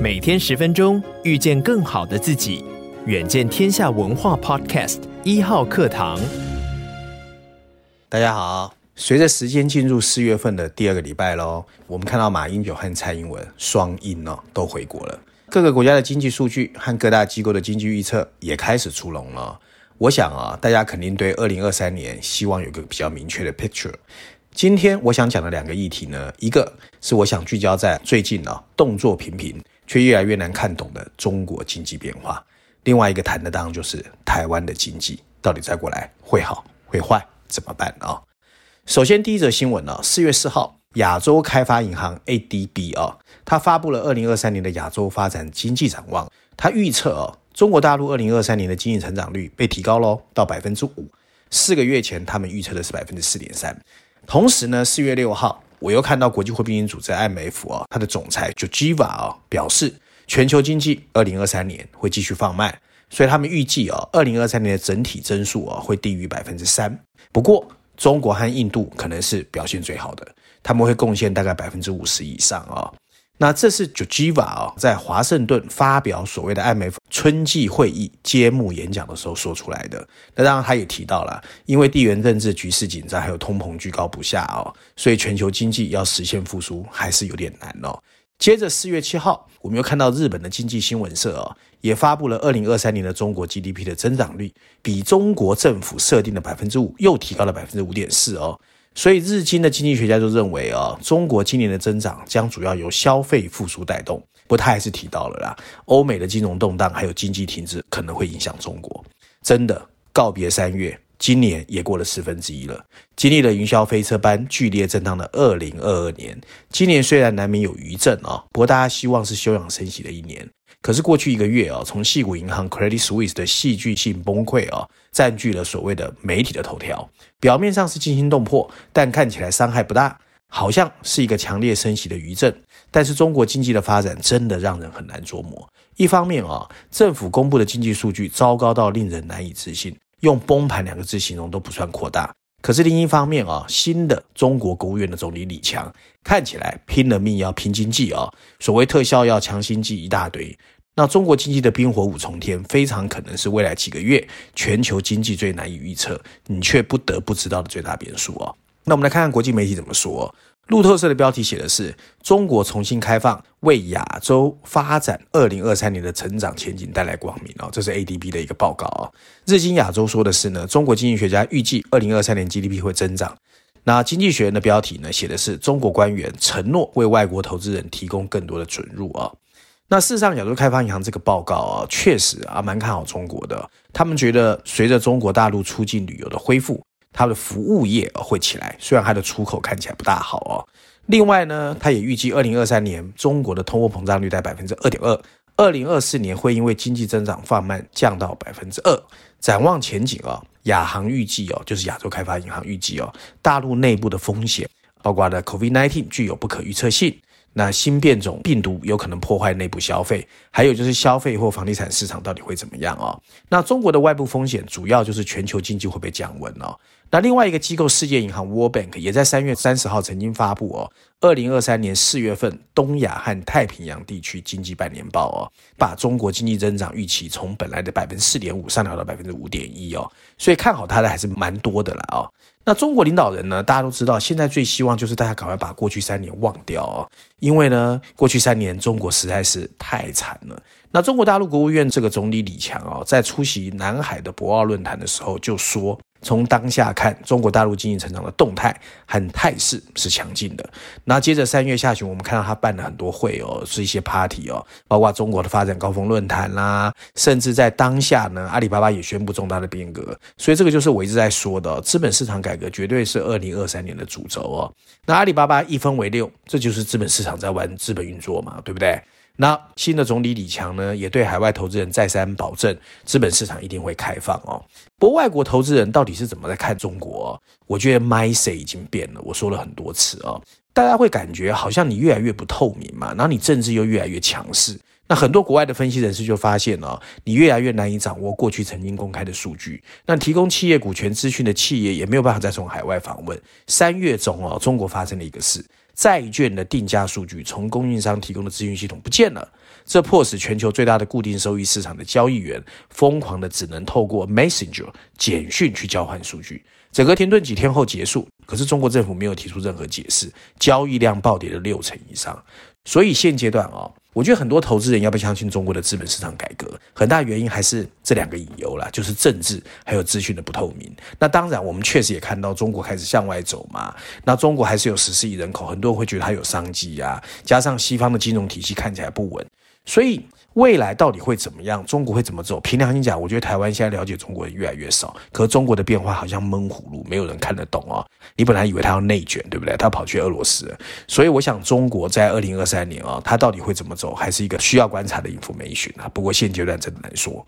每天十分鐘，遇見更好的自己。遠見天下文化 Podcast，一號課堂。大家好，隨着時間進入四月份的第二個禮拜嘍，我們看到馬英九和蔡英文雙英呢、哦、都回國了。各個國家的經濟數據和各大機構的經濟預測也開始出籠了。我想啊，大家肯定對二零二三年希望有個比較明確的 picture。今天我想講的兩個議題呢，一個是我想聚焦在最近啊動作頻頻。卻越來越難看懂的中國經濟變化。另外一個談的當然就是台灣的經濟到底再過來會好會壞怎麼辦啊、哦？首先第一則新聞呢，四月四號，亞洲開發銀行 （ADB） 啊、哦，它發布了二零二三年的亞洲發展經濟展望。它預測啊、哦，中國大陸二零二三年的經濟成長率被提高嘍，到百分之五。四個月前他們預測的是百分之四點三。同時呢，四月六號。我又看到國際貨幣基金組織 IMF 哦，它的總裁喬治艾娃哦，表示，全球經濟二零二三年會繼續放慢，所以他們預計哦，二零二三年的整體增速哦，會低於百分之三。不過，中國和印度可能是表現最好的，他們會貢獻大概百分之五十以上哦。那這是喬治艾娃哦，在華盛頓發表所謂的 IMF。春季會議揭幕演講的時候說出來的。那當然，他也提到了，因為地緣政治局勢緊張，還有通膨居高不下哦，所以全球經濟要實現復甦還是有點難哦。接着四月七號，我們又看到日本的經濟新聞社哦，也發布了二零二三年的中國 GDP 的增長率，比中國政府設定的百分之五又提高了百分之五點四哦。所以日經的經濟學家就認為哦，中國今年的增長將主要由消費復甦帶動。不太是提到了啦，歐美的金融動盪還有經濟停滯可能會影響中國。真的告別三月，今年也過了四分之一了。經歷了雲霄飛車般劇烈震盪的二零二二年，今年雖然難免有餘震啊、哦，不過大家希望是休養生息的一年。可是過去一個月啊、哦，從矽谷銀行 Credit Suisse 的戲劇性崩潰啊、哦，佔據了所謂的媒體的頭條。表面上是驚心動魄，但看起來傷害不大。好像是一個強烈升息的餘震，但是中國經濟的發展真的讓人很難捉摸。一方面啊、哦，政府公布的經濟數據糟糕到令人難以置信，用崩盤兩個字形容都不算誇大。可是另一方面啊、哦，新的中國國務院的總理李強看起來拼了命要拼經濟哦，所謂特效藥強心劑一大堆。那中國經濟的冰火五重天，非常可能是未來幾個月全球經濟最難以預測，你卻不得不知道的最大變數哦。那我們來看看國際媒體怎麼說。路透社的標題寫的是“中國重新開放，為亞洲發展二零二三年的成長前景帶來光明”。啊，這是 ADB 的一個報告啊。日經亞洲說的是呢，中國經濟學家預計二零二三年 GDP 會增長。那經濟學人的標題呢，寫的是“中國官員承諾為外國投資人提供更多的准入”。啊，那事實上，亞洲開發銀行這個報告啊，確實啊蠻看好中國的。他們覺得隨着中國大陸出境旅遊的恢復。它的服務業會起來，雖然它的出口看起來不大好哦。另外呢，它也預計二零二三年中國的通貨膨脹率在百分之二點二，二零二四年會因為經濟增長放慢降到百分之二。展望前景啊、哦，亞行預計哦，就是亞洲開發銀行預計哦，大陸內部的風險，包括的 COVID-19 具有不可預測性，那新變種病毒有可能破壞內部消費，還有就是消費或房地產市場到底會怎麼樣哦。那中國的外部風險主要就是全球經濟會被降溫哦。那另外一個機構，世界銀行 （World Bank） 也在三月三十號曾經發布哦，二零二三年四月份東亞和太平洋地區經濟半年報哦，把中國經濟增長預期從本來的百分之四點五上調到百分之五點一哦，所以看好它的還是蠻多的啦哦。那中國領導人呢，大家都知道，現在最希望就是大家趕快把過去三年忘掉哦，因為呢，過去三年中國實在是太慘了。那中國大陸國務院這個總理李強哦，在出席南海的博鰲論壇的時候就說。從當下看，中國大陸經濟成長的動態和態勢是強勁的。那接着三月下旬，我們看到他辦了很多會哦，是一些 party 哦，包括中國的發展高峰論壇啦、啊，甚至在當下呢，阿里巴巴也宣佈重大的變革。所以這個就是我一直在說的哦，資本市場改革絕對是二零二三年的主軸哦。那阿里巴巴一分為六，這就是資本市場在玩資本運作嘛，對不對？那新的總理李強呢，也對海外投資人再三保證，資本市場一定會開放哦。不過外國投資人到底是怎麼在看中國哦？我覺得 mindset 已經變了。我說了很多次啊哦，大家會感覺好像你越來越不透明嘛，然後你政治又越來越強勢。那很多國外的分析人士就發現哦，你越來越難以掌握過去曾經公開的數據。那提供企業股權資訊的企業也沒有辦法再從海外訪問。三月中哦，中國發生了一個事。債券的定價數據從供應商提供的資訊系統不見了，這迫使全球最大的固定收益市場的交易員瘋狂的只能透過 Messenger 簡訊去交換數據。整個停頓幾天後結束，可是中國政府沒有提出任何解釋，交易量暴跌了六成以上。所以現階段啊。我覺得很多投資人要不要相信中國的資本市場改革，很大原因還是這兩個隱憂啦，就是政治還有資訊的不透明。那當然，我們確實也看到中國開始向外走嘛，那中國還是有十四億人口，很多人會覺得它有商機啊。加上西方的金融體系看起來不穩，所以。未來到底會怎麼樣？中國會怎麼走？憑良心講，我覺得台灣現在了解中國人越來越少。可中國的變化好像悶葫蘆，沒有人看得懂啊、哦！你本來以為他要內卷，對不對？他跑去俄羅斯，所以我想中國在二零二三年啊、哦，他到底會怎麼走，還是一個需要觀察的 information 啊。不過現階段真的難說。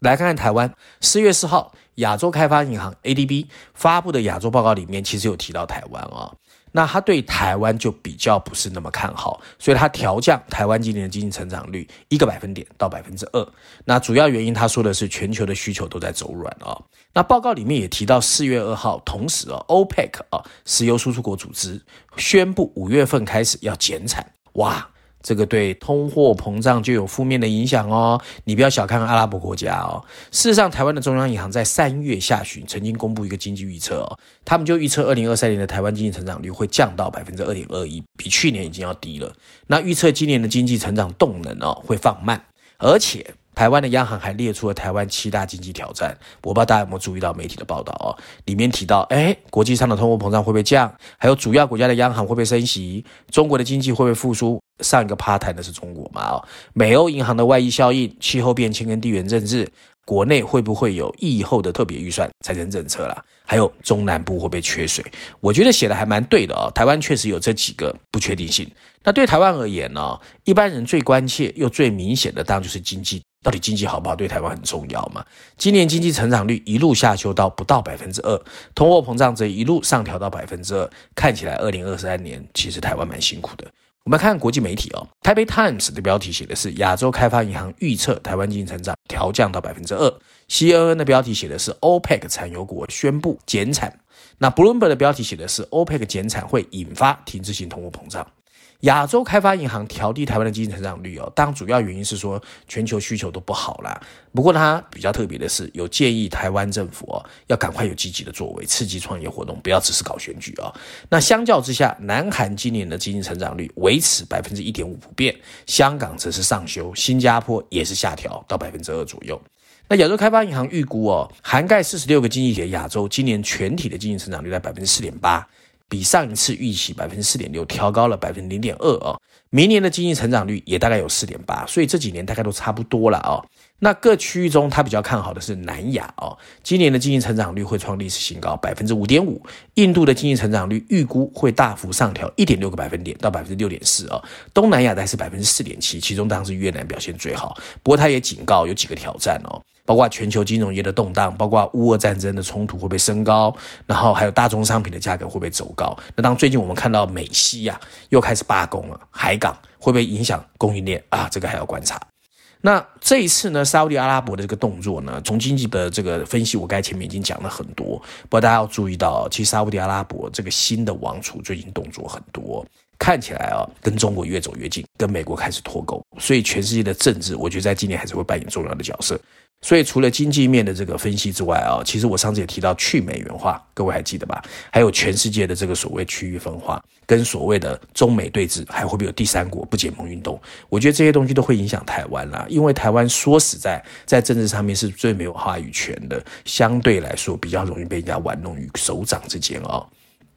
來看看台灣，四月四號，亞洲開發銀行 （ADB） 發布的亞洲報告裡面，其實有提到台灣啊、哦。那他對台灣就比較不是那麼看好，所以他調降台灣今年的經濟成長率一個百分點到百分之二。那主要原因他說的是全球的需求都在走軟啊。那報告裡面也提到四月二號，同時啊，OPEC 啊，石油輸出國組織宣布五月份開始要減產，哇。這個對通貨膨脹就有負面的影響哦。你不要小看看阿拉伯國家哦。事實上，台灣的中央銀行在三月下旬曾經公布一個經濟預測哦，他們就預測二零二三年的台灣經濟成長率會降到百分之二點二一，比去年已經要低了。那預測今年的經濟成長動能哦會放慢，而且。台灣的央行還列出了台灣七大經濟挑戰，我不知道大家有沒有注意到媒體的報道哦，裡面提到，哎，國際上的通貨膨脹會不會降？還有主要國家的央行會不會升息？中國的經濟會不會復甦？上一個 part 談的是中國嘛？哦，美歐銀行的外溢效應、氣候變遷跟地緣政治，國內會不會有疫後的特別預算財政政策啦？還有中南部會不會缺水？我覺得寫的還蠻對的哦。台灣確實有這幾個不確定性。那對台灣而言呢、哦？一般人最關切又最明顯的，當然就是經濟。到底經濟好不好對台灣很重要嗎？今年經濟成長率一路下修到不到百分之二，通貨膨脹則一路上調到百分之二，看起來二零二三年其實台灣蠻辛苦的。我們看國際媒體哦，《台北 Times》的標題寫的是亞洲開發銀行預測台灣經濟成長調降到百分之二，《CNN》的標題寫的是 OPEC 產油國宣布減產，那 Bloomberg 的標題寫的是 OPEC 減產會引發停滯性通貨膨脹。亞洲開發銀行調低台灣的經濟成長率哦，當主要原因是說全球需求都不好啦。不過它比較特別的是，有建議台灣政府哦，要趕快有積極的作為，刺激創業活動，不要只是搞選舉哦，那相較之下，南韓今年的經濟成長率維持百分之一點五不變，香港則是上修，新加坡也是下調到百分之二左右。那亞洲開發銀行預估哦，涵蓋四十六個經濟體的亞洲，今年全體的經濟成長率在百分之四點八。比上一次預期百分之四點六調高了百分之零點二啊，哦、明年的經濟成長率也大概有四點八，所以這幾年大概都差不多了啊、哦。那各區域中，他比較看好的是南亞哦，今年的經濟成長率會創歷史新高百分之五點五，印度的經濟成長率預估會大幅上調一點六個百分點到百分之六點四哦，東南亞的還是百分之四點七，其中當然是越南表現最好，不過他也警告有幾個挑戰哦。包括全球金融業的動盪，包括烏俄戰爭的衝突會不會升高？然後還有大宗商品的價格會不會走高？那當最近我們看到美西呀、啊、又開始罷工了、啊，海港會不會影響供應鏈啊？這個還要觀察。那這一次呢，沙烏地阿拉伯的這個動作呢，從經濟的這個分析，我剛才前面已經講了很多。不過大家要注意到，其實沙烏地阿拉伯這個新的王儲最近動作很多。看起來啊、哦，跟中國越走越近，跟美國開始脫鈎，所以全世界的政治，我覺得在今年還是會扮演重要的角色。所以除了經濟面的這個分析之外啊、哦，其實我上次也提到去美元化，各位還記得吧？還有全世界的這個所謂區域分化，跟所謂的中美對峙，還會不會有第三國不結盟運動？我覺得這些東西都會影響台灣啦、啊，因為台灣說實在，在政治上面是最沒有話語權的，相對來說比較容易被人家玩弄於手掌之間啊、哦。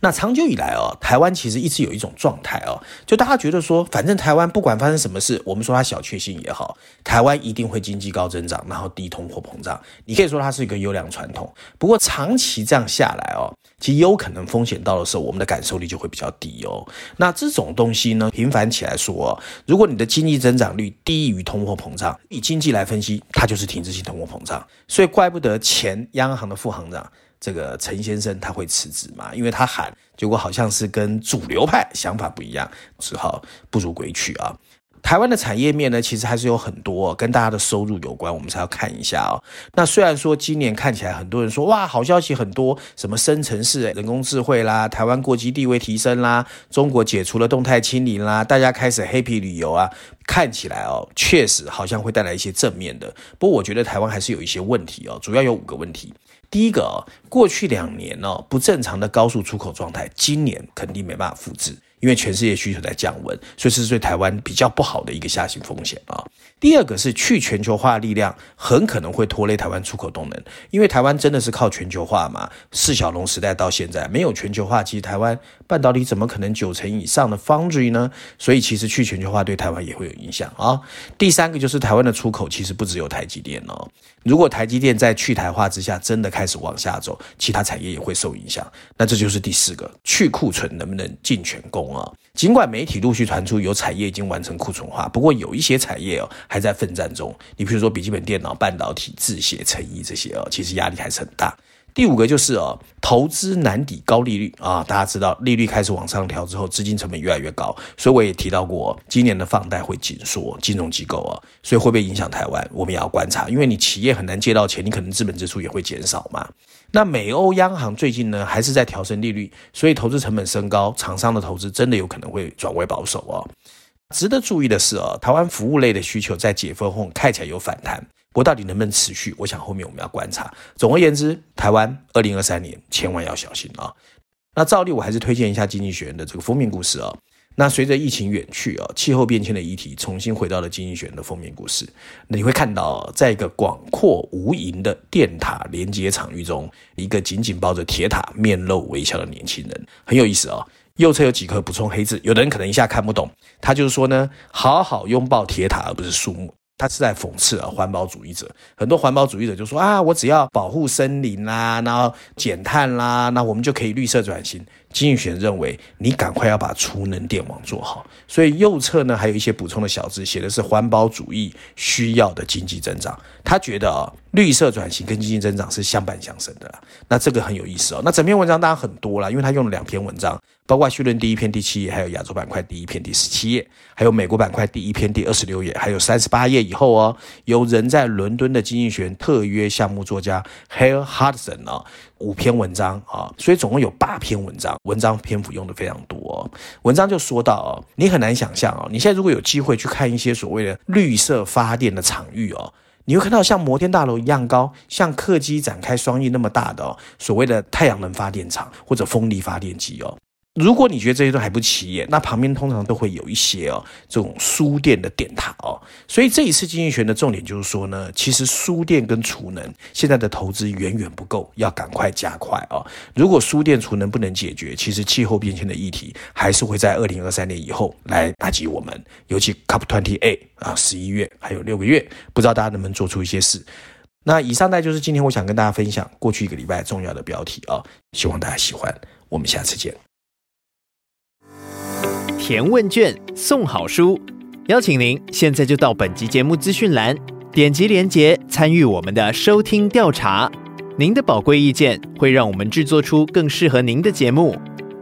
那長久以來哦，台灣其實一直有一種狀態哦，就大家覺得說，反正台灣不管發生什麼事，我們說它小確幸也好，台灣一定會經濟高增長，然後低通貨膨脹。你可以說它是一個優良傳統，不過長期這樣下來哦，其實有可能風險到的時候，我們的感受力就會比較低哦。那這種東西呢，頻繁起來說、哦，如果你的經濟增長率低於通貨膨脹，以經濟來分析，它就是停滯性通貨膨脹。所以怪不得前央行的副行長。這個陳先生他會辭職嘛？因為他喊，結果好像是跟主流派想法不一樣，只好不如歸去啊。台灣的產業面呢，其實還是有很多、哦、跟大家的收入有關，我們才要看一下哦。那雖然說今年看起來很多人說哇，好消息很多，什麼深層次人工智慧啦，台灣國際地位提升啦，中國解除了動態清零啦，大家開始黑皮旅遊啊，看起來哦，確實好像會帶來一些正面的。不過我覺得台灣還是有一些問題哦，主要有五個問題。第一個，過去兩年呢，不正常的高速出口狀態，今年肯定沒辦法複製。因為全世界需求在降溫，所以這是對台灣比較不好的一個下行風險啊、哦。第二個是去全球化力量很可能會拖累台灣出口動能，因為台灣真的是靠全球化嘛，四小龍時代到現在沒有全球化，其實台灣半導體怎麼可能九成以上的 foundry 呢？所以其實去全球化對台灣也會有影響啊、哦。第三個就是台灣的出口其實不只有台積電哦，如果台積電在去台化之下真的開始往下走，其他產業也會受影響，那這就是第四個，去庫存能不能竟全功儘管媒體陸續傳出有產業已經完成庫存化，不過有一些產業哦還在奮戰中。你比如說，筆記本電腦、半導體、製鞋、成衣這些哦，其實壓力還是很大。第五個就是啊、哦，投資難抵高利率啊，大家知道利率開始往上調之後，資金成本越來越高，所以我也提到過，今年的放貸會緊縮，金融機構啊、哦，所以會不會影響台灣，我們也要觀察，因為你企業很難借到錢，你可能資本支出也會減少嘛。那美歐央行最近呢，還是在調升利率，所以投資成本升高，廠商的投資真的有可能會轉為保守哦。值得注意的是啊、哦，台灣服務類的需求在解封後看起來有反彈。我到底能不能持續？我想後面我們要觀察。總而言之，台灣二零二三年千萬要小心啊、哦！那照例我還是推薦一下《經濟學人》的這個封面故事啊、哦。那隨着疫情遠去啊，氣候變遷的議題重新回到了《經濟學人》的封面故事。那你會看到，在一個廣闊無垠的電塔連接場域中，一個緊緊抱着鐵塔、面露微笑的年輕人，很有意思哦，右側有幾顆補充黑字，有的人可能一下看不懂。他就是說呢，好好擁抱鐵塔，而不是樹木。他是在諷刺啊，環保主義者，很多環保主義者就說啊，我只要保護森林啦、啊，然後減碳啦、啊，那我們就可以綠色轉型。經濟學人認為，你趕快要把儲能電網做好。所以右側呢，還有一些補充的小字，寫的是環保主義需要的經濟增長。他覺得啊、哦，綠色轉型跟經濟增長是相伴相生的。那這個很有意思哦。那整篇文章當然很多了，因為他用了兩篇文章，包括緒論第一篇第七頁，還有亞洲板塊第一篇第十七頁，還有美國板塊第一篇第二十六頁，還有三十八頁。以後哦，由人在倫敦的經濟學人特約項目作家 Hal Hodson 哦，五篇文章啊、哦，所以總共有八篇文章，文章篇幅用得非常多，哦。文章就說到哦，你很難想象哦，你現在如果有機會去看一些所謂的綠色發電的場域哦，你會看到像摩天大樓一樣高，像客機展開雙翼那麼大的哦，所謂的太陽能發電廠或者風力發電機哦。如果你覺得這些都還不起眼，那旁邊通常都會有一些哦，這種輸電的電塔哦。所以這一次經濟學人的重點就是說呢，其實輸電跟儲能現在的投資遠遠不夠，要趕快加快哦。如果輸電儲能不能解決，其實氣候變遷的議題還是會在二零二三年以後來打擊我們。尤其 COP28 啊，十一月還有六個月，不知道大家能不能做出一些事。那以上呢，就是今天我想跟大家分享過去一個禮拜重要的標題哦，希望大家喜歡。我們下次見。填問卷送好書，邀請您現在就到本集節目資訊欄點擊鏈接參與我們的收聽調查。您的寶貴意見會讓我們製作出更適合您的節目。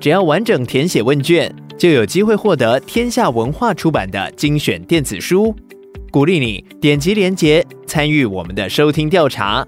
只要完整填寫問卷，就有機會獲得天下文化出版的精選電子書。鼓勵你點擊鏈接參與我們的收聽調查。